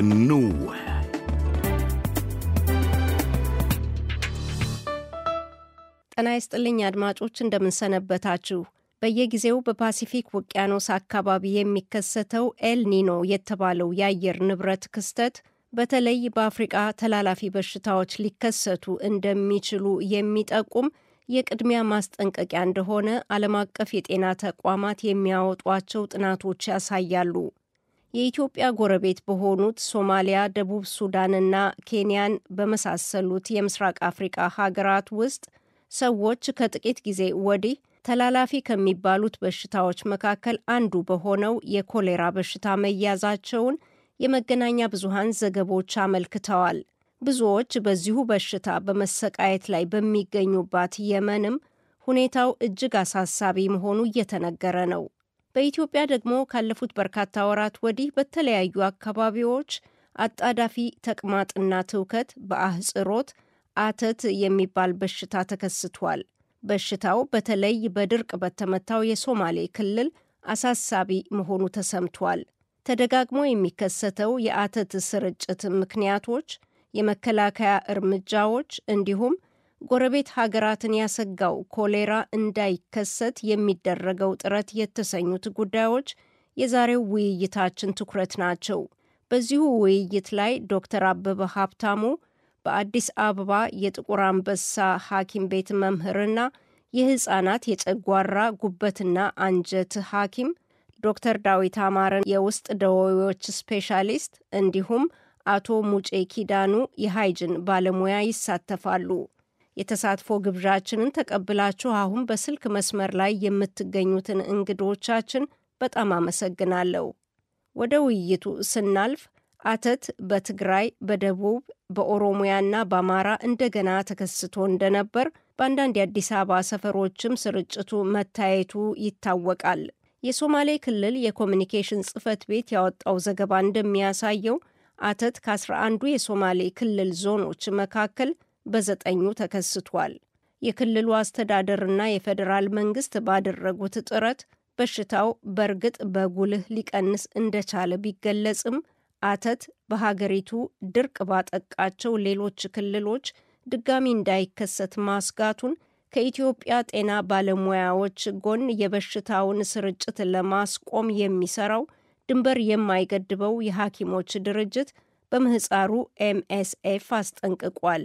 እንወያይ። ጤና ይስጥልኝ አድማጮች፣ እንደምንሰነበታችሁ። በየጊዜው በፓሲፊክ ውቅያኖስ አካባቢ የሚከሰተው ኤልኒኖ የተባለው የአየር ንብረት ክስተት በተለይ በአፍሪቃ ተላላፊ በሽታዎች ሊከሰቱ እንደሚችሉ የሚጠቁም የቅድሚያ ማስጠንቀቂያ እንደሆነ ዓለም አቀፍ የጤና ተቋማት የሚያወጧቸው ጥናቶች ያሳያሉ። የኢትዮጵያ ጎረቤት በሆኑት ሶማሊያ፣ ደቡብ ሱዳንና ኬንያን በመሳሰሉት የምስራቅ አፍሪቃ ሀገራት ውስጥ ሰዎች ከጥቂት ጊዜ ወዲህ ተላላፊ ከሚባሉት በሽታዎች መካከል አንዱ በሆነው የኮሌራ በሽታ መያዛቸውን የመገናኛ ብዙሃን ዘገቦች አመልክተዋል። ብዙዎች በዚሁ በሽታ በመሰቃየት ላይ በሚገኙባት የመንም ሁኔታው እጅግ አሳሳቢ መሆኑ እየተነገረ ነው። በኢትዮጵያ ደግሞ ካለፉት በርካታ ወራት ወዲህ በተለያዩ አካባቢዎች አጣዳፊ ተቅማጥና ትውከት በአህጽሮት አተት የሚባል በሽታ ተከስቷል። በሽታው በተለይ በድርቅ በተመታው የሶማሌ ክልል አሳሳቢ መሆኑ ተሰምቷል። ተደጋግሞ የሚከሰተው የአተት ስርጭት ምክንያቶች፣ የመከላከያ እርምጃዎች እንዲሁም ጎረቤት ሀገራትን ያሰጋው ኮሌራ እንዳይከሰት የሚደረገው ጥረት የተሰኙት ጉዳዮች የዛሬው ውይይታችን ትኩረት ናቸው። በዚሁ ውይይት ላይ ዶክተር አበበ ሀብታሙ በአዲስ አበባ የጥቁር አንበሳ ሐኪም ቤት መምህርና የህፃናት የጨጓራ ጉበትና አንጀት ሐኪም፣ ዶክተር ዳዊት አማረን የውስጥ ደዌዎች ስፔሻሊስት፣ እንዲሁም አቶ ሙጬ ኪዳኑ የሃይጅን ባለሙያ ይሳተፋሉ። የተሳትፎ ግብዣችንን ተቀብላችሁ አሁን በስልክ መስመር ላይ የምትገኙትን እንግዶቻችን በጣም አመሰግናለሁ። ወደ ውይይቱ ስናልፍ አተት በትግራይ በደቡብ በኦሮሚያና በአማራ እንደገና ተከስቶ እንደነበር በአንዳንድ የአዲስ አበባ ሰፈሮችም ስርጭቱ መታየቱ ይታወቃል። የሶማሌ ክልል የኮሚኒኬሽን ጽህፈት ቤት ያወጣው ዘገባ እንደሚያሳየው አተት ከአስራ አንዱ የሶማሌ ክልል ዞኖች መካከል በዘጠኙ ተከስቷል። የክልሉ አስተዳደርና የፌዴራል መንግስት ባደረጉት ጥረት በሽታው በእርግጥ በጉልህ ሊቀንስ እንደቻለ ቢገለጽም አተት በሀገሪቱ ድርቅ ባጠቃቸው ሌሎች ክልሎች ድጋሚ እንዳይከሰት ማስጋቱን ከኢትዮጵያ ጤና ባለሙያዎች ጎን የበሽታውን ስርጭት ለማስቆም የሚሰራው ድንበር የማይገድበው የሐኪሞች ድርጅት በምህፃሩ ኤምኤስኤፍ አስጠንቅቋል።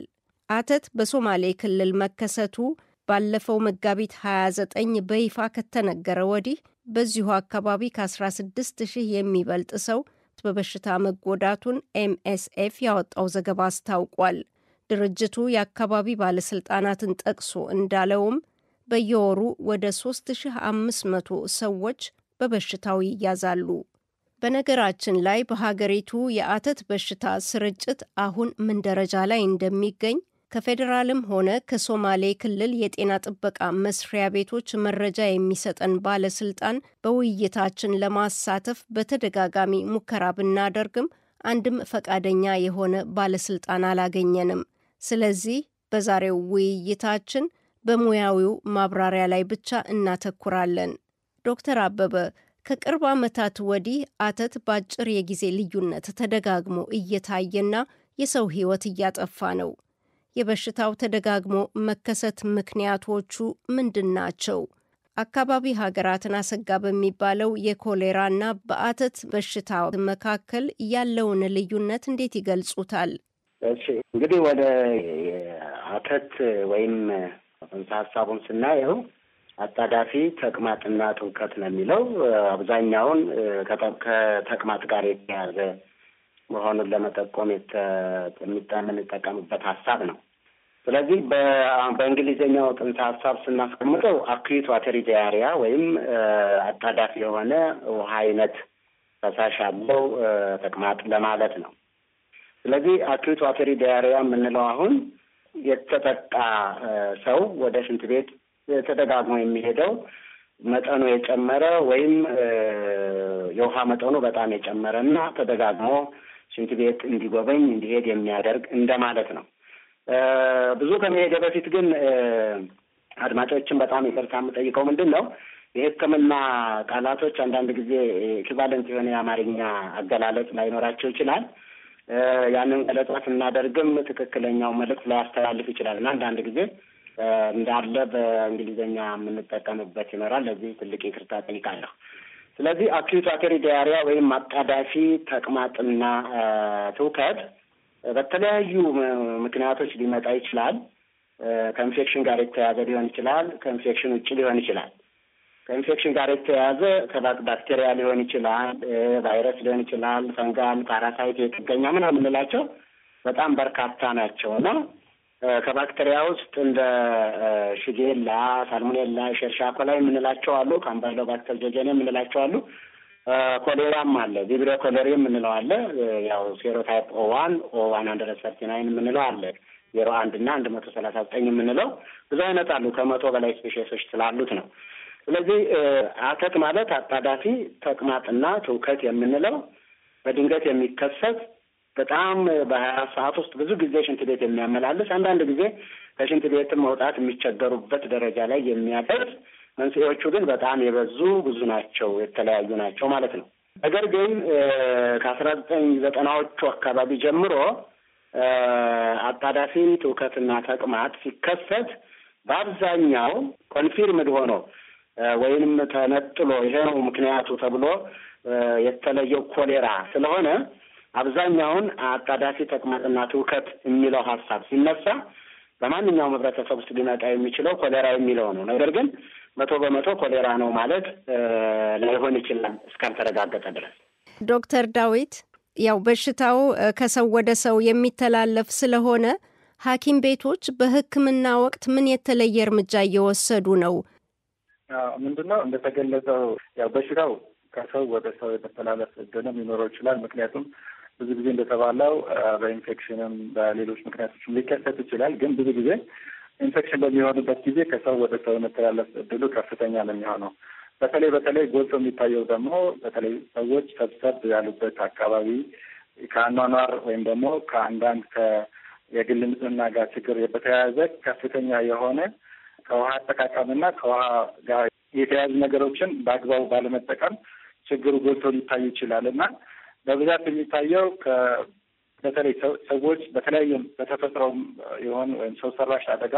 አተት በሶማሌ ክልል መከሰቱ ባለፈው መጋቢት 29 በይፋ ከተነገረ ወዲህ በዚሁ አካባቢ ከ16 ሺህ የሚበልጥ ሰው በበሽታ መጎዳቱን ኤምኤስኤፍ ያወጣው ዘገባ አስታውቋል። ድርጅቱ የአካባቢ ባለሥልጣናትን ጠቅሶ እንዳለውም በየወሩ ወደ 3500 ሰዎች በበሽታው ይያዛሉ። በነገራችን ላይ በሀገሪቱ የአተት በሽታ ስርጭት አሁን ምን ደረጃ ላይ እንደሚገኝ ከፌዴራልም ሆነ ከሶማሌ ክልል የጤና ጥበቃ መስሪያ ቤቶች መረጃ የሚሰጠን ባለስልጣን በውይይታችን ለማሳተፍ በተደጋጋሚ ሙከራ ብናደርግም አንድም ፈቃደኛ የሆነ ባለስልጣን አላገኘንም። ስለዚህ በዛሬው ውይይታችን በሙያዊው ማብራሪያ ላይ ብቻ እናተኩራለን። ዶክተር አበበ ከቅርብ ዓመታት ወዲህ አተት በአጭር የጊዜ ልዩነት ተደጋግሞ እየታየና የሰው ሕይወት እያጠፋ ነው። የበሽታው ተደጋግሞ መከሰት ምክንያቶቹ ምንድን ናቸው? አካባቢ ሀገራትን አሰጋ በሚባለው የኮሌራና በአተት በሽታ መካከል ያለውን ልዩነት እንዴት ይገልጹታል? እሺ እንግዲህ ወደ አተት ወይም ጽንሰ ሀሳቡን ስናየው አጣዳፊ ተቅማጥና ትውከት ነው የሚለው አብዛኛውን ከተቅማጥ ጋር የተያያዘ መሆኑን ለመጠቆም የምንጠቀምበት ሀሳብ ነው። ስለዚህ በእንግሊዝኛው ጥንሰ ሀሳብ ስናስቀምጠው አኩዊት ዋተሪ ዲያሪያ ወይም አጣዳፊ የሆነ ውሃ አይነት ፈሳሽ ያለው ተቅማጥ ለማለት ነው። ስለዚህ አኩዊት ዋተሪ ዲያሪያ የምንለው አሁን የተጠቃ ሰው ወደ ሽንት ቤት ተደጋግሞ የሚሄደው መጠኑ የጨመረ ወይም የውሃ መጠኑ በጣም የጨመረ እና ተደጋግሞ ሽንት ቤት እንዲጎበኝ እንዲሄድ የሚያደርግ እንደማለት ነው። ብዙ ከመሄደ በፊት ግን አድማጮችን በጣም ይቅርታ የምጠይቀው ምንድን ነው የሕክምና ቃላቶች አንዳንድ ጊዜ ኢኪቫለንት የሆነ የአማርኛ አገላለጽ ላይኖራቸው ይችላል። ያንን ገለጻ ስናደርግም ትክክለኛው መልእክት ላያስተላልፍ ይችላል እና አንዳንድ ጊዜ እንዳለ በእንግሊዝኛ የምንጠቀምበት ይኖራል። ለዚህ ትልቅ ይቅርታ ጠይቃለሁ። ስለዚህ አኪዩት ዋተሪ ዲያሪያ ወይም አጣዳፊ ተቅማጥና ትውከት በተለያዩ ምክንያቶች ሊመጣ ይችላል። ከኢንፌክሽን ጋር የተያያዘ ሊሆን ይችላል። ከኢንፌክሽን ውጭ ሊሆን ይችላል። ከኢንፌክሽን ጋር የተያያዘ ከባክቴሪያ ሊሆን ይችላል፣ ቫይረስ ሊሆን ይችላል፣ ፈንጋል፣ ፓራሳይት፣ የጥገኛ ምን የምንላቸው በጣም በርካታ ናቸው እና ከባክቴሪያ ውስጥ እንደ ሽጌላ፣ ሳልሞኔላ፣ ሸርሻ የምንላቸው አሉ። ካምባይሎ ባክተር ጀጀኔ የምንላቸው አሉ። ኮሌራም አለ። ቪብሪዮ ኮሌሪ የምንለው አለ። ያው ሴሮታይፕ ኦዋን ኦዋን አንድ ዋን አንድረት ሰርቲ ናይን የምንለው አለ። ዜሮ አንድ እና አንድ መቶ ሰላሳ ዘጠኝ የምንለው ብዙ አይነት አሉ። ከመቶ በላይ ስፔሽሶች ስላሉት ነው። ስለዚህ አተት ማለት አጣዳፊ ተቅማጥና ትውከት የምንለው በድንገት የሚከሰት በጣም በሀያ ሰዓት ውስጥ ብዙ ጊዜ ሽንት ቤት የሚያመላልስ አንዳንድ ጊዜ ከሽንት ቤትም መውጣት የሚቸገሩበት ደረጃ ላይ የሚያደርስ መንስኤዎቹ ግን በጣም የበዙ ብዙ ናቸው፣ የተለያዩ ናቸው ማለት ነው። ነገር ግን ከአስራ ዘጠኝ ዘጠናዎቹ አካባቢ ጀምሮ አጣዳፊ ትውከትና ተቅማጥ ሲከሰት በአብዛኛው ኮንፊርምድ ሆኖ ወይንም ተነጥሎ ይሄ ነው ምክንያቱ ተብሎ የተለየው ኮሌራ ስለሆነ አብዛኛውን አጣዳፊ ተቅማጥና ትውከት የሚለው ሀሳብ ሲነሳ በማንኛውም ህብረተሰብ ውስጥ ሊመጣ የሚችለው ኮሌራ የሚለው ነው። ነገር ግን መቶ በመቶ ኮሌራ ነው ማለት ላይሆን ይችላል እስካልተረጋገጠ ድረስ። ዶክተር ዳዊት ያው በሽታው ከሰው ወደ ሰው የሚተላለፍ ስለሆነ ሐኪም ቤቶች በሕክምና ወቅት ምን የተለየ እርምጃ እየወሰዱ ነው? ምንድነው እንደተገለጸው ያው በሽታው ከሰው ወደ ሰው የተተላለፍ እድልም ሊኖረው ይችላል። ምክንያቱም ብዙ ጊዜ እንደተባለው በኢንፌክሽንም በሌሎች ምክንያቶችም ሊከሰት ይችላል። ግን ብዙ ጊዜ ኢንፌክሽን በሚሆኑበት ጊዜ ከሰው ወደ ሰው የመተላለፍ እድሉ ከፍተኛ ነው የሚሆነው። በተለይ በተለይ ጎልቶ የሚታየው ደግሞ በተለይ ሰዎች ሰብሰብ ያሉበት አካባቢ ከአኗኗር ወይም ደግሞ ከአንዳንድ የግል ንጽህና ጋር ችግር በተያያዘ ከፍተኛ የሆነ ከውሃ አጠቃቀምና ከውሃ ጋር የተያያዙ ነገሮችን በአግባቡ ባለመጠቀም ችግሩ ጎልቶ ሊታይ ይችላል እና በብዛት የሚታየው በተለይ ሰዎች በተለያዩ በተፈጥሮ የሆን ወይም ሰው ሰራሽ አደጋ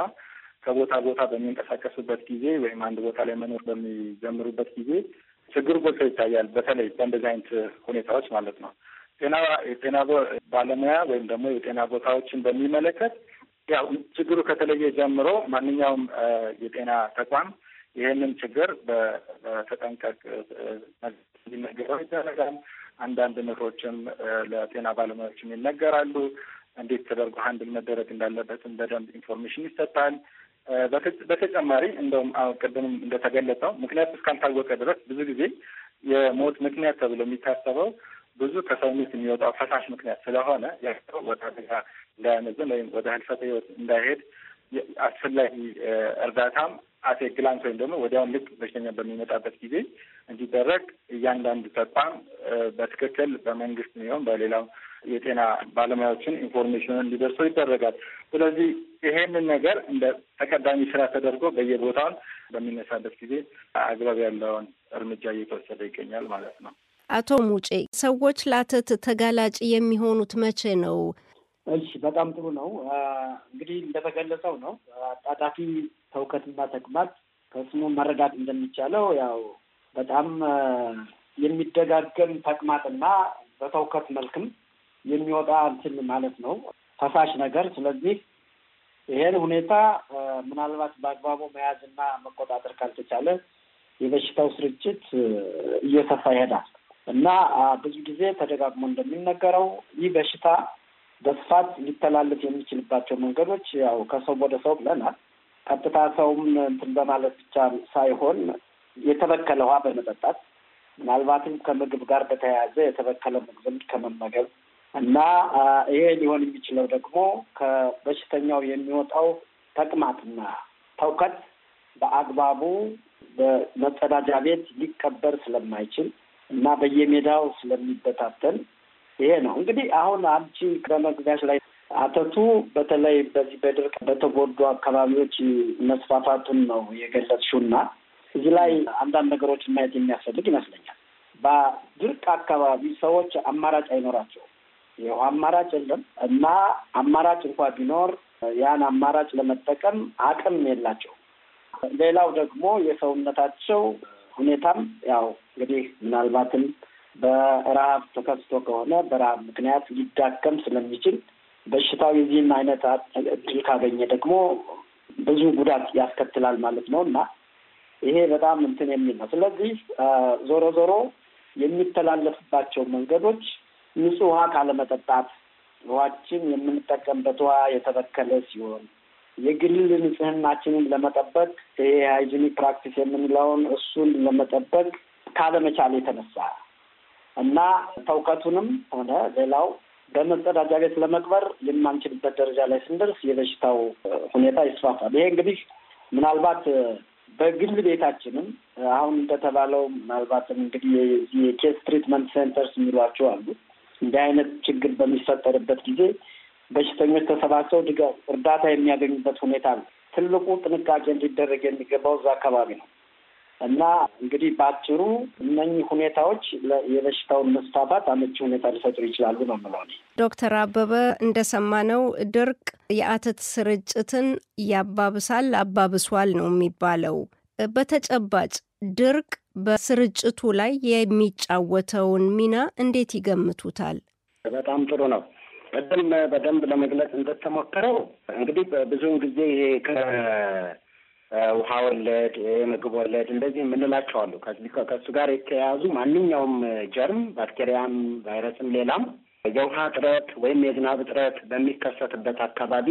ከቦታ ቦታ በሚንቀሳቀሱበት ጊዜ ወይም አንድ ቦታ ላይ መኖር በሚጀምሩበት ጊዜ ችግር ጎልቶ ይታያል። በተለይ በእንደዚህ አይነት ሁኔታዎች ማለት ነው። ጤና የጤና ባለሙያ ወይም ደግሞ የጤና ቦታዎችን በሚመለከት ያው ችግሩ ከተለየ ጀምሮ ማንኛውም የጤና ተቋም ይህንን ችግር በተጠንቀቅ እንዲነገረው ይደረጋል። አንዳንድ ምክሮችም ለጤና ባለሙያዎችም ይነገራሉ። እንዴት ተደርጎ ሀንድል መደረግ እንዳለበትም በደንብ ኢንፎርሜሽን ይሰጣል። በተጨማሪ እንደውም ቅድምም ምክንያት ምክንያቱ እስካልታወቀ ድረስ ብዙ ጊዜ የሞት ምክንያት ተብሎ የሚታሰበው ብዙ ከሰውነት የሚወጣው ፈሳሽ ምክንያት ስለሆነ ያ ወደ አደጋ እንዳያመዝን ወይም ወደ ህልፈተ ህይወት እንዳይሄድ አስፈላጊ እርዳታም አቴ ግላንስ ወይም ደግሞ ወዲያውን ልክ በሽተኛ በሚመጣበት ጊዜ እንዲደረግ እያንዳንዱ ተቋም በትክክል በመንግስት ሚሆን በሌላው የጤና ባለሙያዎችን ኢንፎርሜሽን እንዲደርሰው ይደረጋል። ስለዚህ ይሄንን ነገር እንደ ተቀዳሚ ስራ ተደርጎ በየቦታውን በሚነሳበት ጊዜ አግባብ ያለውን እርምጃ እየተወሰደ ይገኛል ማለት ነው። አቶ ሙጬ፣ ሰዎች ላተት ተጋላጭ የሚሆኑት መቼ ነው? እሺ በጣም ጥሩ ነው። እንግዲህ እንደተገለጸው ነው አጣዳፊ ተውከትና ተቅማጥ ከስሙ መረዳት እንደሚቻለው ያው በጣም የሚደጋገም ተቅማጥና በተውከት መልክም የሚወጣ እንትን ማለት ነው ፈሳሽ ነገር። ስለዚህ ይሄን ሁኔታ ምናልባት በአግባቡ መያዝና መቆጣጠር ካልተቻለ የበሽታው ስርጭት እየሰፋ ይሄዳል እና ብዙ ጊዜ ተደጋግሞ እንደሚነገረው ይህ በሽታ በስፋት ሊተላለፍ የሚችልባቸው መንገዶች ያው ከሰው ወደ ሰው ብለናል። ቀጥታ ሰውም እንትን በማለት ብቻ ሳይሆን የተበከለ ውሃ በመጠጣት ምናልባትም ከምግብ ጋር በተያያዘ የተበከለ ምግብን ከመመገብ እና ይሄ ሊሆን የሚችለው ደግሞ ከበሽተኛው የሚወጣው ተቅማጥና ተውከት በአግባቡ በመጸዳጃ ቤት ሊቀበር ስለማይችል እና በየሜዳው ስለሚበታተን ይሄ ነው እንግዲህ አሁን አንቺ በመግቢያሽ ላይ አተቱ በተለይ በዚህ በድርቅ በተጎዱ አካባቢዎች መስፋፋቱን ነው የገለጽሽውና እዚህ ላይ አንዳንድ ነገሮችን ማየት የሚያስፈልግ ይመስለኛል። በድርቅ አካባቢ ሰዎች አማራጭ አይኖራቸውም። የውሃ አማራጭ የለም እና አማራጭ እንኳ ቢኖር ያን አማራጭ ለመጠቀም አቅም የላቸውም። ሌላው ደግሞ የሰውነታቸው ሁኔታም ያው እንግዲህ ምናልባትም በረሀብ ተከስቶ ከሆነ በረሀብ ምክንያት ሊዳከም ስለሚችል በሽታው የዚህም አይነት እድል ካገኘ ደግሞ ብዙ ጉዳት ያስከትላል ማለት ነው እና ይሄ በጣም እንትን የሚል ነው። ስለዚህ ዞሮ ዞሮ የሚተላለፍባቸው መንገዶች ንጹህ ውሃ ካለመጠጣት፣ ውሃችን የምንጠቀምበት ውሃ የተበከለ ሲሆን የግል ንጽህናችንን ለመጠበቅ ይሄ ሃይጂኒክ ፕራክቲስ የምንለውን እሱን ለመጠበቅ ካለመቻል የተነሳ እና ተውከቱንም ሆነ ሌላው በመጸዳጃ ቤት ለመቅበር የማንችልበት ደረጃ ላይ ስንደርስ የበሽታው ሁኔታ ይስፋፋል። ይሄ እንግዲህ ምናልባት በግል ቤታችንም አሁን እንደተባለው ምናልባትም እንግዲህ የኬስ ትሪትመንት ሴንተርስ የሚሏቸው አሉ። እንዲህ አይነት ችግር በሚፈጠርበት ጊዜ በሽተኞች ተሰባስበው ድጋፍ እርዳታ የሚያገኙበት ሁኔታ ትልቁ ጥንቃቄ እንዲደረግ የሚገባው እዛ አካባቢ ነው። እና እንግዲህ በአጭሩ እነኚህ ሁኔታዎች የበሽታውን መስፋፋት አመቺ ሁኔታ ሊፈጥሩ ይችላሉ ነው የምለው። ዶክተር አበበ እንደሰማነው ድርቅ የአተት ስርጭትን ያባብሳል፣ አባብሷል ነው የሚባለው። በተጨባጭ ድርቅ በስርጭቱ ላይ የሚጫወተውን ሚና እንዴት ይገምቱታል? በጣም ጥሩ ነው። በደንብ በደንብ ለመግለጽ እንደተሞከረው እንግዲህ ብዙውን ጊዜ ይሄ ውሃ ወለድ፣ ምግብ ወለድ እንደዚህ የምንላቸው አሉ። ከእሱ ጋር የተያያዙ ማንኛውም ጀርም፣ ባክቴሪያም፣ ቫይረስም ሌላም የውሃ እጥረት ወይም የዝናብ እጥረት በሚከሰትበት አካባቢ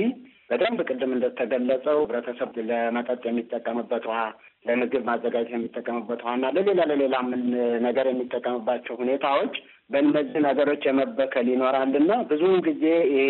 በደንብ ቅድም እንደተገለጸው ህብረተሰብ ለመጠጥ የሚጠቀምበት ውሃ፣ ለምግብ ማዘጋጀት የሚጠቀምበት ውሃ እና ለሌላ ለሌላ ምን ነገር የሚጠቀምባቸው ሁኔታዎች በእነዚህ ነገሮች የመበከል ይኖራልና ብዙውን ጊዜ ይሄ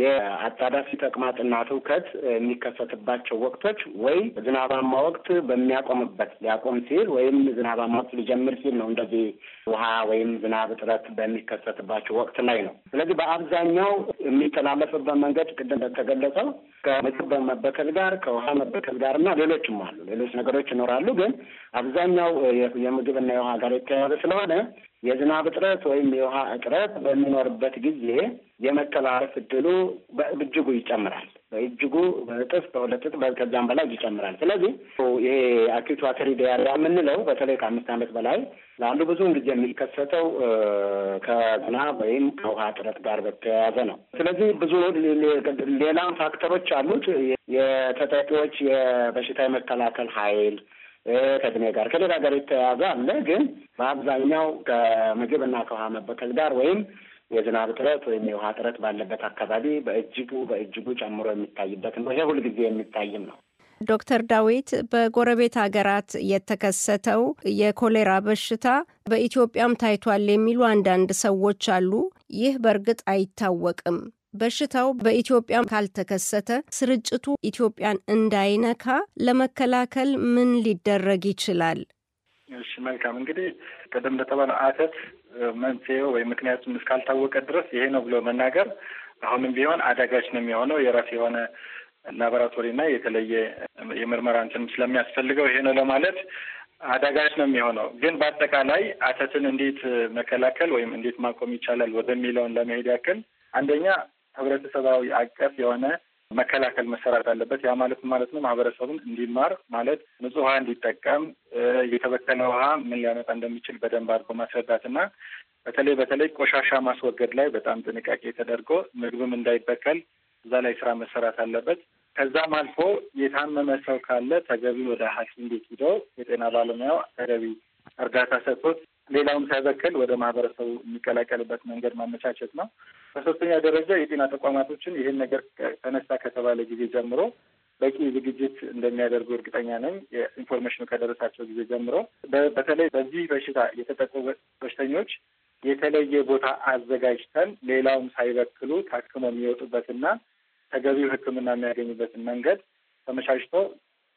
የአጣዳፊ ተቅማጥና ትውከት የሚከሰትባቸው ወቅቶች ወይ ዝናባማ ወቅት በሚያቆምበት ሊያቆም ሲል ወይም ዝናባማ ወቅት ሊጀምር ሲል ነው እንደዚህ ውሃ ወይም ዝናብ እጥረት በሚከሰትባቸው ወቅት ላይ ነው። ስለዚህ በአብዛኛው የሚተላለፍበት መንገድ ቅድም እንደተገለጸው ከምግብ መበከል ጋር ከውሃ መበከል ጋር እና ሌሎችም አሉ ሌሎች ነገሮች ይኖራሉ። ግን አብዛኛው የምግብና የውሃ ጋር የተያያዘ ስለሆነ የዝናብ እጥረት ወይም የውሃ እጥረት በሚኖርበት ጊዜ የመተላለፍ እድሉ በእጅጉ ይጨምራል። በእጅጉ በእጥፍ በሁለት እጥፍ ከዛም በላይ ይጨምራል። ስለዚህ ይሄ አኪዩት ዋተሪ ዲያሪያ የምንለው በተለይ ከአምስት ዓመት በላይ ላሉ ብዙውን ጊዜ የሚከሰተው ከዝናብ ወይም ከውሃ እጥረት ጋር በተያያዘ ነው። ስለዚህ ብዙ ሌላም ፋክተሮች አሉት። የተጠቂዎች የበሽታ የመከላከል ኃይል ከእድሜ ጋር ከሌላ ጋር የተያያዘ አለ። ግን በአብዛኛው ከምግብ እና ከውሃ መበከል ጋር ወይም የዝናብ እጥረት ወይም የውሃ እጥረት ባለበት አካባቢ በእጅጉ በእጅጉ ጨምሮ የሚታይበት ነው። ይሄ ሁልጊዜ የሚታይም ነው። ዶክተር ዳዊት በጎረቤት ሀገራት የተከሰተው የኮሌራ በሽታ በኢትዮጵያም ታይቷል የሚሉ አንዳንድ ሰዎች አሉ። ይህ በእርግጥ አይታወቅም። በሽታው በኢትዮጵያ ካልተከሰተ ስርጭቱ ኢትዮጵያን እንዳይነካ ለመከላከል ምን ሊደረግ ይችላል? እሺ፣ መልካም እንግዲህ ቅድም እንደተባለው አተት መንስኤው ወይም ምክንያቱም እስካልታወቀ ድረስ ይሄ ነው ብሎ መናገር አሁንም ቢሆን አዳጋች ነው የሚሆነው የራሱ የሆነ ላቦራቶሪና የተለየ የምርመራ እንትንም ስለሚያስፈልገው ይሄ ነው ለማለት አዳጋች ነው የሚሆነው። ግን በአጠቃላይ አተትን እንዴት መከላከል ወይም እንዴት ማቆም ይቻላል ወደሚለውን ለመሄድ ያክል አንደኛ ህብረተሰባዊ አቀፍ የሆነ መከላከል መሰራት አለበት። ያ ማለት ማለት ነው ማህበረሰቡን እንዲማር ማለት ንጹህ ውሃ እንዲጠቀም የተበከለ ውሃ ምን ሊያመጣ እንደሚችል በደንብ አድርጎ ማስረዳት እና በተለይ በተለይ ቆሻሻ ማስወገድ ላይ በጣም ጥንቃቄ ተደርጎ ምግብም እንዳይበከል እዛ ላይ ስራ መሰራት አለበት። ከዛም አልፎ የታመመ ሰው ካለ ተገቢ ወደ ሐኪም ቤት ሂደው የጤና ባለሙያው ተገቢ እርዳታ ሰጥቶት ሌላውም ሳይበክል ወደ ማህበረሰቡ የሚቀላቀልበት መንገድ ማመቻቸት ነው። በሶስተኛ ደረጃ የጤና ተቋማቶችን ይህን ነገር ተነሳ ከተባለ ጊዜ ጀምሮ በቂ ዝግጅት እንደሚያደርጉ እርግጠኛ ነኝ። የኢንፎርሜሽኑ ከደረሳቸው ጊዜ ጀምሮ በተለይ በዚህ በሽታ የተጠቁ በሽተኞች የተለየ ቦታ አዘጋጅተን ሌላውም ሳይበክሉ ታክመው የሚወጡበትና ተገቢው ሕክምና የሚያገኙበትን መንገድ ተመቻችቶ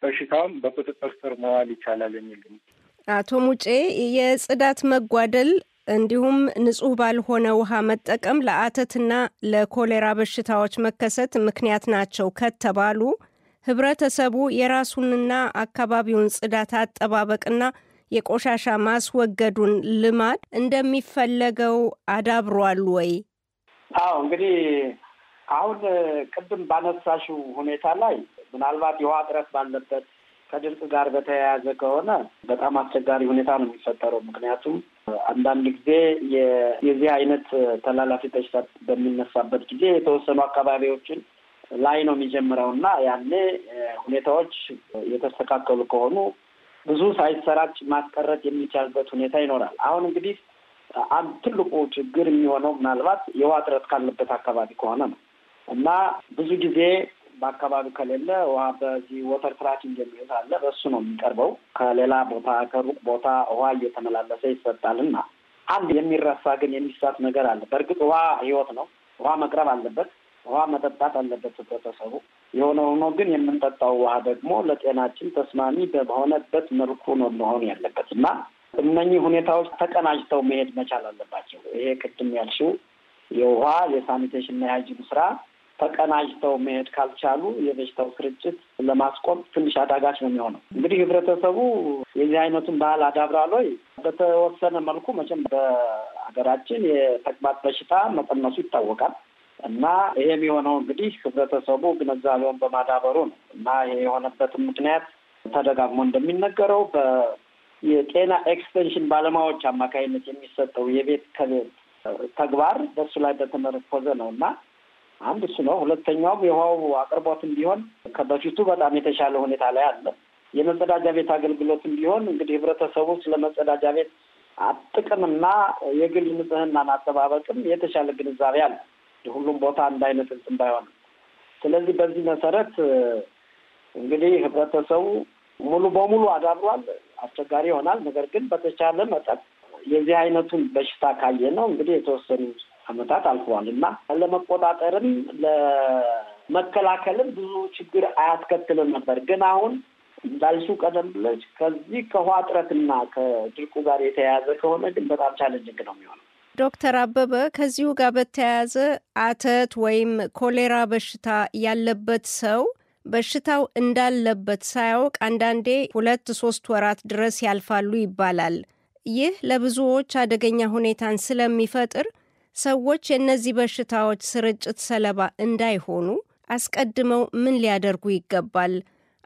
በሽታውም በቁጥጥር ስር መዋል ይቻላል የሚል አቶ ሙጬ የጽዳት መጓደል እንዲሁም ንጹህ ባልሆነ ውሃ መጠቀም ለአተትና ለኮሌራ በሽታዎች መከሰት ምክንያት ናቸው ከተባሉ ህብረተሰቡ የራሱንና አካባቢውን ጽዳት አጠባበቅና የቆሻሻ ማስወገዱን ልማድ እንደሚፈለገው አዳብሯል ወይ? አዎ እንግዲህ አሁን ቅድም ባነሳሽው ሁኔታ ላይ ምናልባት የውሃ እጥረት ባለበት ከድምፅ ጋር በተያያዘ ከሆነ በጣም አስቸጋሪ ሁኔታ ነው የሚፈጠረው። ምክንያቱም አንዳንድ ጊዜ የዚህ አይነት ተላላፊ በሽታ በሚነሳበት ጊዜ የተወሰኑ አካባቢዎችን ላይ ነው የሚጀምረው እና ያኔ ሁኔታዎች የተስተካከሉ ከሆኑ ብዙ ሳይሰራጭ ማስቀረት የሚቻልበት ሁኔታ ይኖራል። አሁን እንግዲህ አንድ ትልቁ ችግር የሚሆነው ምናልባት የውሃ እጥረት ካለበት አካባቢ ከሆነ ነው እና ብዙ ጊዜ በአካባቢው ከሌለ ውሃ በዚህ ወተር ትራኪንግ የሚሉት አለ። በእሱ ነው የሚቀርበው። ከሌላ ቦታ ከሩቅ ቦታ ውሃ እየተመላለሰ ይሰጣልና አንድ የሚረሳ ግን የሚሳት ነገር አለ። በእርግጥ ውሃ ህይወት ነው። ውሃ መቅረብ አለበት። ውሃ መጠጣት አለበት ህብረተሰቡ። የሆነ ሆኖ ግን የምንጠጣው ውሃ ደግሞ ለጤናችን ተስማሚ በሆነበት መልኩ ነው መሆን ያለበት እና እነኚህ ሁኔታዎች ተቀናጅተው መሄድ መቻል አለባቸው። ይሄ ቅድም ያልሽው የውሃ የሳኒቴሽን እና ስራ ተቀናጅተው መሄድ ካልቻሉ የበሽታው ስርጭት ለማስቆም ትንሽ አዳጋች ነው የሚሆነው። እንግዲህ ህብረተሰቡ የዚህ አይነቱን ባህል አዳብራሎይ በተወሰነ መልኩ መቼም በሀገራችን የተቅማጥ በሽታ መጠነሱ ይታወቃል እና ይሄም የሆነው እንግዲህ ህብረተሰቡ ግንዛቤውን በማዳበሩ ነው እና ይሄ የሆነበትም ምክንያት ተደጋግሞ እንደሚነገረው የጤና ኤክስቴንሽን ባለሙያዎች አማካኝነት የሚሰጠው የቤት ከቤት ተግባር በሱ ላይ በተመረኮዘ ነው እና አንድ እሱ ነው። ሁለተኛውም የውሃው አቅርቦትም ቢሆን ከበፊቱ በጣም የተሻለ ሁኔታ ላይ አለ። የመጸዳጃ ቤት አገልግሎትም ቢሆን እንግዲህ ህብረተሰቡ ስለ መጸዳጃ ቤት ጥቅምና የግል ንጽህናን አጠባበቅም የተሻለ ግንዛቤ አለ። ሁሉም ቦታ አንድ አይነት እንትን ባይሆንም፣ ስለዚህ በዚህ መሰረት እንግዲህ ህብረተሰቡ ሙሉ በሙሉ አዳብሯል። አስቸጋሪ ይሆናል። ነገር ግን በተቻለ መጠን የዚህ አይነቱን በሽታ ካየ ነው እንግዲህ የተወሰኑ ዓመታት አልፈዋል እና ለመቆጣጠርም ለመከላከልም ብዙ ችግር አያስከትልም ነበር። ግን አሁን እንዳልሱ ቀደም ብለች ከዚህ ከውሃ እጥረትና ከድርቁ ጋር የተያያዘ ከሆነ ግን በጣም ቻለንጅንግ ነው የሚሆነው። ዶክተር አበበ ከዚሁ ጋር በተያያዘ አተት ወይም ኮሌራ በሽታ ያለበት ሰው በሽታው እንዳለበት ሳያውቅ አንዳንዴ ሁለት ሶስት ወራት ድረስ ያልፋሉ ይባላል። ይህ ለብዙዎች አደገኛ ሁኔታን ስለሚፈጥር ሰዎች የእነዚህ በሽታዎች ስርጭት ሰለባ እንዳይሆኑ አስቀድመው ምን ሊያደርጉ ይገባል?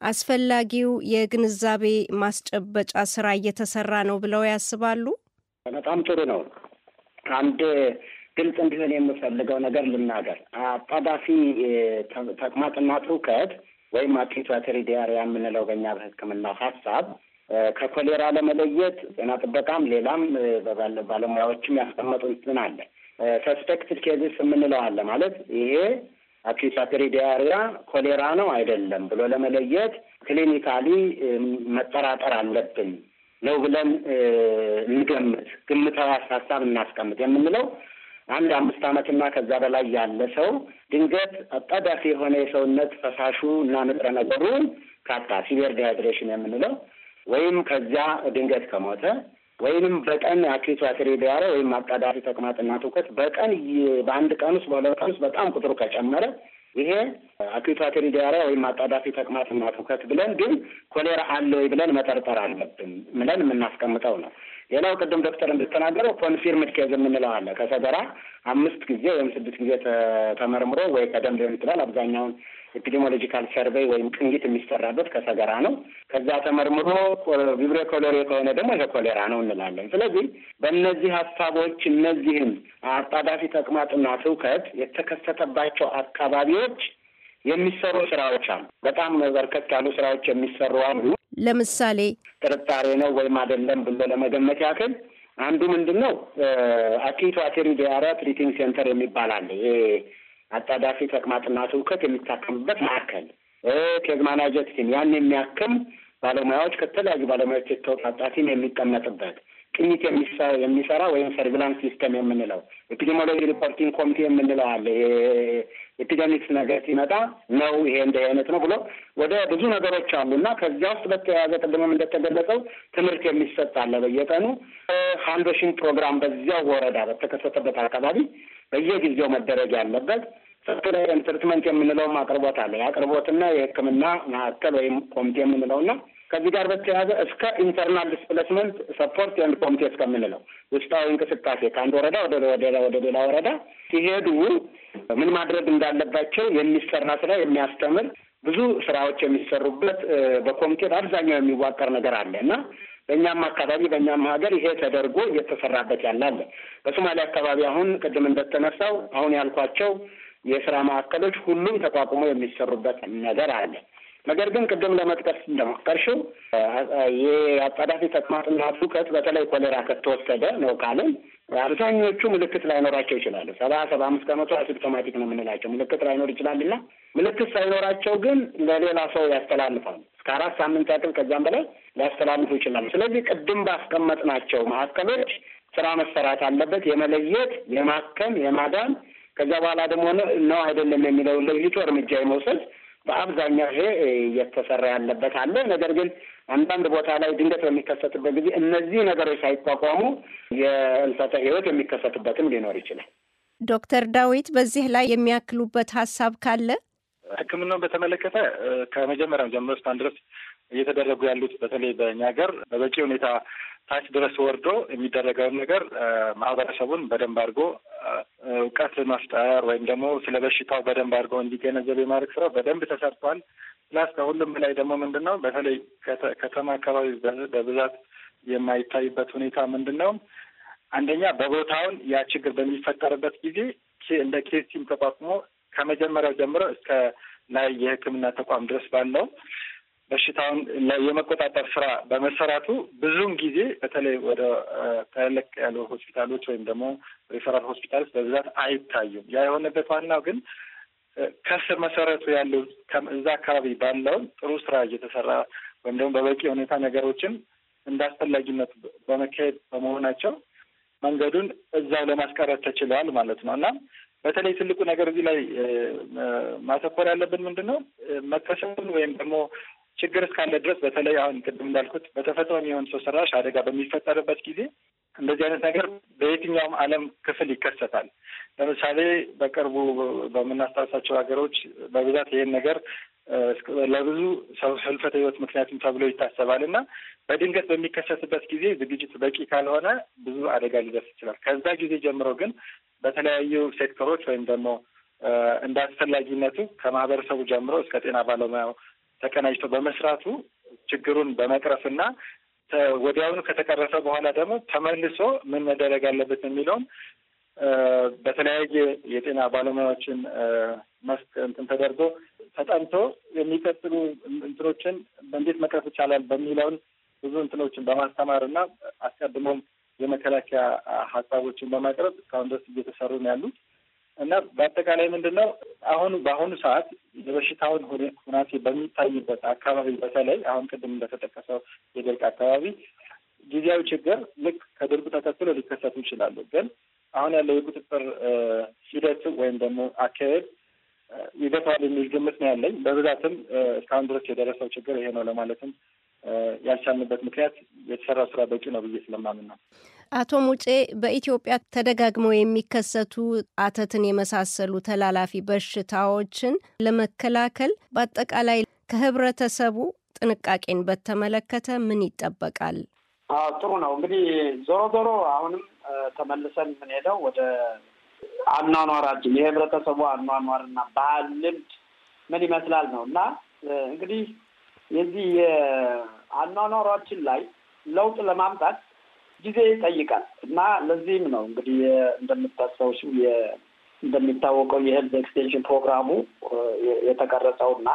አስፈላጊው የግንዛቤ ማስጨበጫ ስራ እየተሰራ ነው ብለው ያስባሉ? በጣም ጥሩ ነው። አንድ ግልጽ እንዲሆን የምፈልገው ነገር አጣዳፊ ተቅማጥና ትውከት ወይም አኪዩት ዋተሪ ዲያሪያ የምንለው በእኛ በሕክምናው ሀሳብ ከኮሌራ ለመለየት ጤና ጥበቃም ሌላም ባለሙያዎችም ያስቀመጡትን አለ። ሰስፔክትድ ኬዝስ የምንለው አለ ማለት ይሄ አክዩሳተሪ ዲያሪያ ኮሌራ ነው አይደለም ብሎ ለመለየት ክሊኒካሊ መጠራጠር አለብን ነው ብለን እንገምት፣ ግምታዊ ሀሳብ እናስቀምጥ የምንለው አንድ አምስት ዓመትና ከዛ በላይ ያለ ሰው ድንገት ጠዳፊ የሆነ የሰውነት ፈሳሹ እና ንጥረ ነገሩን ካጣ ሲቪር ዲሃይድሬሽን የምንለው ወይም ከዚያ ድንገት ከሞተ ወይንም በቀን አኪዩት ባክቴሪ ዲያሪያ ወይም አጣዳፊ ተቅማጥና ትውከት በቀን በአንድ ቀን ውስጥ በሁለት ቀን ውስጥ በጣም ቁጥሩ ከጨመረ ይሄ አኪዩት ባክቴሪ ዲያሪያ ወይም አጣዳፊ ተቅማጥና ትውከት ብለን ግን ኮሌራ አለ ወይ ብለን መጠርጠር አለብን ብለን የምናስቀምጠው ነው። ሌላው ቅድም ዶክተር እንደተናገረው ኮንፊርምድ ኬዝ የምንለው አለ። ከሰገራ አምስት ጊዜ ወይም ስድስት ጊዜ ተመርምሮ ወይ ከደም ሊሆን ይችላል አብዛኛውን ኤፒዲሞሎጂካል ሰርቬይ ወይም ቅኝት የሚሰራበት ከሰገራ ነው። ከዛ ተመርምሮ ቪብሬ ኮሌሬ ከሆነ ደግሞ ይሄ ኮሌራ ነው እንላለን። ስለዚህ በእነዚህ ሀሳቦች እነዚህን አጣዳፊ ተቅማጥና ትውከት የተከሰተባቸው አካባቢዎች የሚሰሩ ስራዎች አሉ። በጣም በርከት ያሉ ስራዎች የሚሰሩ አሉ። ለምሳሌ ጥርጣሬ ነው ወይም አይደለም ብሎ ለመገመት ያክል አንዱ ምንድን ነው አኪቱ አቴሪ ዲያራ ትሪቲንግ ሴንተር የሚባል አለ። አጣዳፊ ተቅማጥና ትውከት የሚታከምበት ማዕከል፣ ኬዝ ማናጀር ቲም ያን የሚያክም ባለሙያዎች ከተለያዩ ባለሙያዎች የተውጣጣ ቲም የሚቀመጥበት ቅኝት የሚሰራ ወይም ሰርቪላንስ ሲስተም የምንለው ኤፒዲሞሎጂ ሪፖርቲንግ ኮሚቴ የምንለው አለ። ኤፒደሚክስ ነገር ሲመጣ ነው ይሄ እንደ አይነት ነው ብሎ ወደ ብዙ ነገሮች አሉ እና ከዚያ ውስጥ በተያያዘ ቅድምም እንደተገለጸው ትምህርት የሚሰጥ አለ በየቀኑ ሃንዶሽን ፕሮግራም በዚያው ወረዳ በተከሰተበት አካባቢ በየጊዜው መደረግ ያለበት ስትሬን ትሪትመንት የምንለውም አቅርቦት አለ። የአቅርቦትና የሕክምና ማዕከል ወይም ኮሚቴ እና ከዚህ ጋር በተያያዘ እስከ ኢንተርናል ዲስፕሌስመንት ሰፖርት ኤንድ ኮሚቴ እስከምንለው ውስጣዊ እንቅስቃሴ ከአንድ ወረዳ ወደ ወደ ሌላ ወረዳ ሲሄዱ ምን ማድረግ እንዳለባቸው የሚሰራ ስራ የሚያስተምር ብዙ ስራዎች የሚሰሩበት በኮሚቴ በአብዛኛው የሚዋቀር ነገር አለ እና በእኛም አካባቢ በእኛም ሀገር ይሄ ተደርጎ እየተሰራበት ያላለ በሶማሌ አካባቢ አሁን ቅድም እንደተነሳው አሁን ያልኳቸው የስራ ማዕከሎች ሁሉም ተቋቁሞ የሚሰሩበት ነገር አለ። ነገር ግን ቅድም ለመጥቀስ እንደሞከርሽው የአጣዳፊ ተቅማጥና ትውከት በተለይ ኮሌራ ከተወሰደ ነው ካለን አብዛኞቹ ምልክት ላይኖራቸው ይችላሉ። ሰባ ሰባ አምስት ከመቶ አሲፕቶማቲክ ነው የምንላቸው ምልክት ላይኖር ይችላል እና ምልክት ሳይኖራቸው ግን ለሌላ ሰው ያስተላልፋሉ። እስከ አራት ሳምንት ያክል ከዛም በላይ ሊያስተላልፉ ይችላሉ። ስለዚህ ቅድም ባስቀመጥናቸው ማዕከሎች ስራ መሰራት አለበት። የመለየት የማከም፣ የማዳን ከዛ በኋላ ደግሞ ነው አይደለም የሚለው ለይቶ እርምጃ የመውሰድ በአብዛኛው ይሄ እየተሰራ ያለበት አለ። ነገር ግን አንዳንድ ቦታ ላይ ድንገት በሚከሰትበት ጊዜ እነዚህ ነገሮች ሳይቋቋሙ የእንስሳተ ህይወት የሚከሰትበትም ሊኖር ይችላል። ዶክተር ዳዊት በዚህ ላይ የሚያክሉበት ሀሳብ ካለ ሕክምናውን በተመለከተ ከመጀመሪያም ጀምሮ ስታንድ ድረስ እየተደረጉ ያሉት በተለይ በእኛ ሀገር በበቂ ሁኔታ ታች ድረስ ወርዶ የሚደረገውን ነገር ማህበረሰቡን በደንብ አድርጎ እውቀት መፍጠር ወይም ደግሞ ስለ በሽታው በደንብ አድርጎ እንዲገነዘብ የማድረግ ስራ በደንብ ተሰርቷል። ፕላስ ከሁሉም በላይ ደግሞ ምንድን ነው በተለይ ከተማ አካባቢ በብዛት የማይታይበት ሁኔታ ምንድን ነው? አንደኛ በቦታውን ያ ችግር በሚፈጠርበት ጊዜ እንደ ኬስ ሲም ተቋቁሞ ከመጀመሪያው ጀምሮ እስከ ላይ የሕክምና ተቋም ድረስ ባለው በሽታውን የመቆጣጠር ስራ በመሰራቱ ብዙውን ጊዜ በተለይ ወደ ተለቅ ያሉ ሆስፒታሎች ወይም ደግሞ ሪፈራል ሆስፒታሎች በብዛት አይታዩም። ያ የሆነበት ዋናው ግን ከስር መሰረቱ ያለው እዛ አካባቢ ባለውን ጥሩ ስራ እየተሰራ ወይም ደግሞ በበቂ ሁኔታ ነገሮችን እንደ አስፈላጊነት በመካሄድ በመሆናቸው መንገዱን እዛው ለማስቀረት ተችለዋል ማለት ነው እና በተለይ ትልቁ ነገር እዚህ ላይ ማተኮር ያለብን ምንድን ነው መከሰቱን ወይም ደግሞ ችግር እስካለ ድረስ በተለይ አሁን ቅድም እንዳልኩት በተፈጥሮ የሚሆን ሰው ሰራሽ አደጋ በሚፈጠርበት ጊዜ እንደዚህ አይነት ነገር በየትኛውም ዓለም ክፍል ይከሰታል። ለምሳሌ በቅርቡ በምናስታውሳቸው ሀገሮች በብዛት ይሄን ነገር ለብዙ ሰው ህልፈተ ህይወት ምክንያቱም ተብሎ ይታሰባል እና በድንገት በሚከሰትበት ጊዜ ዝግጅት በቂ ካልሆነ ብዙ አደጋ ሊደርስ ይችላል። ከዛ ጊዜ ጀምሮ ግን በተለያዩ ሴክተሮች ወይም ደግሞ እንደ አስፈላጊነቱ ከማህበረሰቡ ጀምሮ እስከ ጤና ባለሙያው ተቀናጅቶ በመስራቱ ችግሩን በመቅረፍ ና ወዲያውኑ ከተቀረፈ በኋላ ደግሞ ተመልሶ ምን መደረግ አለበት የሚለውም በተለያየ የጤና ባለሙያዎችን መስክ እንትን ተደርጎ ተጠንቶ የሚቀጥሉ እንትኖችን እንዴት መቅረፍ ይቻላል በሚለውን ብዙ እንትኖችን በማስተማር እና አስቀድሞም የመከላከያ ሀሳቦችን በማቅረብ እስካሁን ድረስ እየተሰሩ ነው ያሉት። እና በአጠቃላይ ምንድን ነው አሁን በአሁኑ ሰዓት የበሽታውን ሁናቴ በሚታይበት አካባቢ በተለይ አሁን ቅድም እንደተጠቀሰው የደርቅ አካባቢ ጊዜያዊ ችግር ልክ ከድርቁ ተከትሎ ሊከሰቱ ይችላሉ። ግን አሁን ያለው የቁጥጥር ሂደት ወይም ደግሞ አካሄድ ይገፋል የሚል ግምት ነው ያለኝ። በብዛትም እስካሁን ድረስ የደረሰው ችግር ይሄ ነው ለማለትም ያልቻልንበት ምክንያት የተሰራው ስራ በቂ ነው ብዬ ስለማምን ነው። አቶ ሙጬ በኢትዮጵያ ተደጋግመው የሚከሰቱ አተትን የመሳሰሉ ተላላፊ በሽታዎችን ለመከላከል በአጠቃላይ ከህብረተሰቡ ጥንቃቄን በተመለከተ ምን ይጠበቃል? ጥሩ ነው። እንግዲህ ዞሮ ዞሮ አሁንም ተመልሰን የምንሄደው ወደ አኗኗራችን የህብረተሰቡ አኗኗርና ባህል፣ ልምድ ምን ይመስላል ነው እና እንግዲህ የዚህ የአኗኗሯችን ላይ ለውጥ ለማምጣት ጊዜ ይጠይቃል እና ለዚህም ነው እንግዲህ እንደምታስታውሱ እንደሚታወቀው የህልዝ ኤክስቴንሽን ፕሮግራሙ የተቀረጸው እና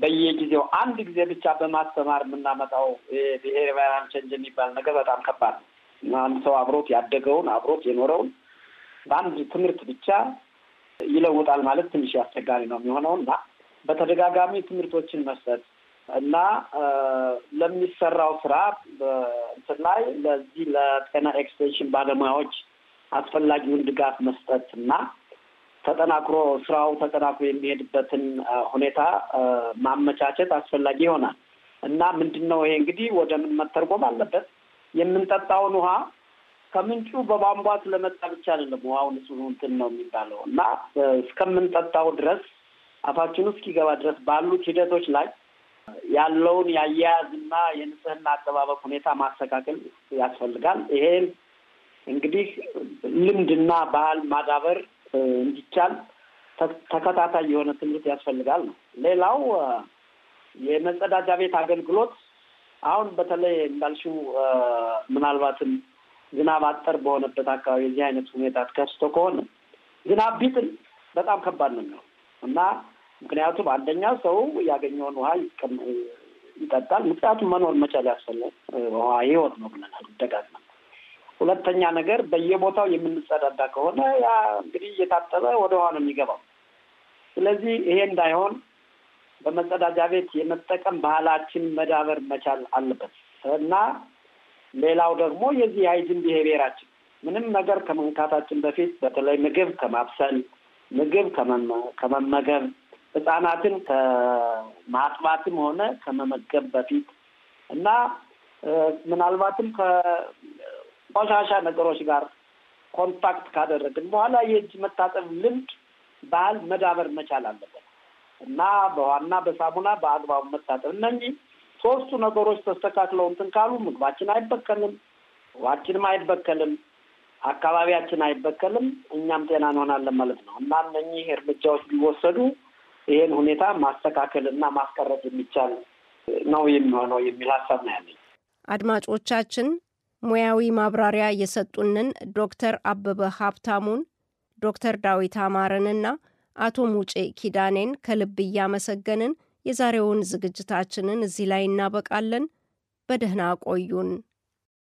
በየጊዜው አንድ ጊዜ ብቻ በማስተማር የምናመጣው ብሄራዊ ቸንጅ የሚባል ነገር በጣም ከባድ ነው። አንድ ሰው አብሮት ያደገውን አብሮት የኖረውን በአንድ ትምህርት ብቻ ይለውጣል ማለት ትንሽ አስቸጋሪ ነው የሚሆነው እና በተደጋጋሚ ትምህርቶችን መስጠት እና ለሚሰራው ስራ እንትን ላይ ለዚህ ለጤና ኤክስቴንሽን ባለሙያዎች አስፈላጊውን ድጋፍ መስጠት እና ተጠናክሮ ስራው ተጠናክሮ የሚሄድበትን ሁኔታ ማመቻቸት አስፈላጊ ይሆናል እና ምንድን ነው ይሄ እንግዲህ ወደ ምን መተርጎም አለበት? የምንጠጣውን ውሃ ከምንጩ በቧንቧ ስለመጣ ብቻ አይደለም ውሃው ንጹህ እንትን ነው የሚባለው እና እስከምንጠጣው ድረስ አፋችን እስኪገባ ድረስ ባሉት ሂደቶች ላይ ያለውን የአያያዝና የንጽህና አጠባበቅ ሁኔታ ማስተካከል ያስፈልጋል። ይሄን እንግዲህ ልምድና ባህል ማዳበር እንዲቻል ተከታታይ የሆነ ትምህርት ያስፈልጋል ነው። ሌላው የመጸዳጃ ቤት አገልግሎት አሁን በተለይ እንዳልሽው ምናልባትም ዝናብ አጠር በሆነበት አካባቢ የዚህ አይነት ሁኔታ ከስቶ ከሆነ ዝናብ ቢጥል በጣም ከባድ ነው እና ምክንያቱም አንደኛ ሰው ያገኘውን ውሃ ይጠጣል። ምክንያቱም መኖር መቻል ያስፈላል። ውሃ ህይወት ነው ብለናል ይደጋግማል። ሁለተኛ ነገር በየቦታው የምንጸዳዳ ከሆነ ያ እንግዲህ እየታጠበ ወደ ውሃ ነው የሚገባው። ስለዚህ ይሄ እንዳይሆን በመጸዳጃ ቤት የመጠቀም ባህላችን መዳበር መቻል አለበት እና ሌላው ደግሞ የዚህ የሃይጂን ብሄራችን ምንም ነገር ከመንካታችን በፊት በተለይ ምግብ ከማብሰል ምግብ ከመመገብ ህጻናትን ከማጥባትም ሆነ ከመመገብ በፊት እና ምናልባትም ከቆሻሻ ነገሮች ጋር ኮንታክት ካደረግን በኋላ የእጅ መታጠብ ልምድ ባህል መዳበር መቻል አለበት እና በዋና በሳሙና በአግባቡ መታጠብ እነዚህ ሶስቱ ነገሮች ተስተካክለው እንትን ካሉ ምግባችን አይበከልም፣ ዋችንም አይበከልም፣ አካባቢያችን አይበከልም፣ እኛም ጤና እንሆናለን ማለት ነው እና እነኚህ እርምጃዎች ቢወሰዱ ይህን ሁኔታ ማስተካከልና ማስቀረት የሚቻል ነው የሚሆነው የሚል ሀሳብ ነው ያለኝ። አድማጮቻችን ሙያዊ ማብራሪያ የሰጡንን ዶክተር አበበ ሀብታሙን፣ ዶክተር ዳዊት አማረንና አቶ ሙጬ ኪዳኔን ከልብ እያመሰገንን የዛሬውን ዝግጅታችንን እዚህ ላይ እናበቃለን። በደህና ቆዩን።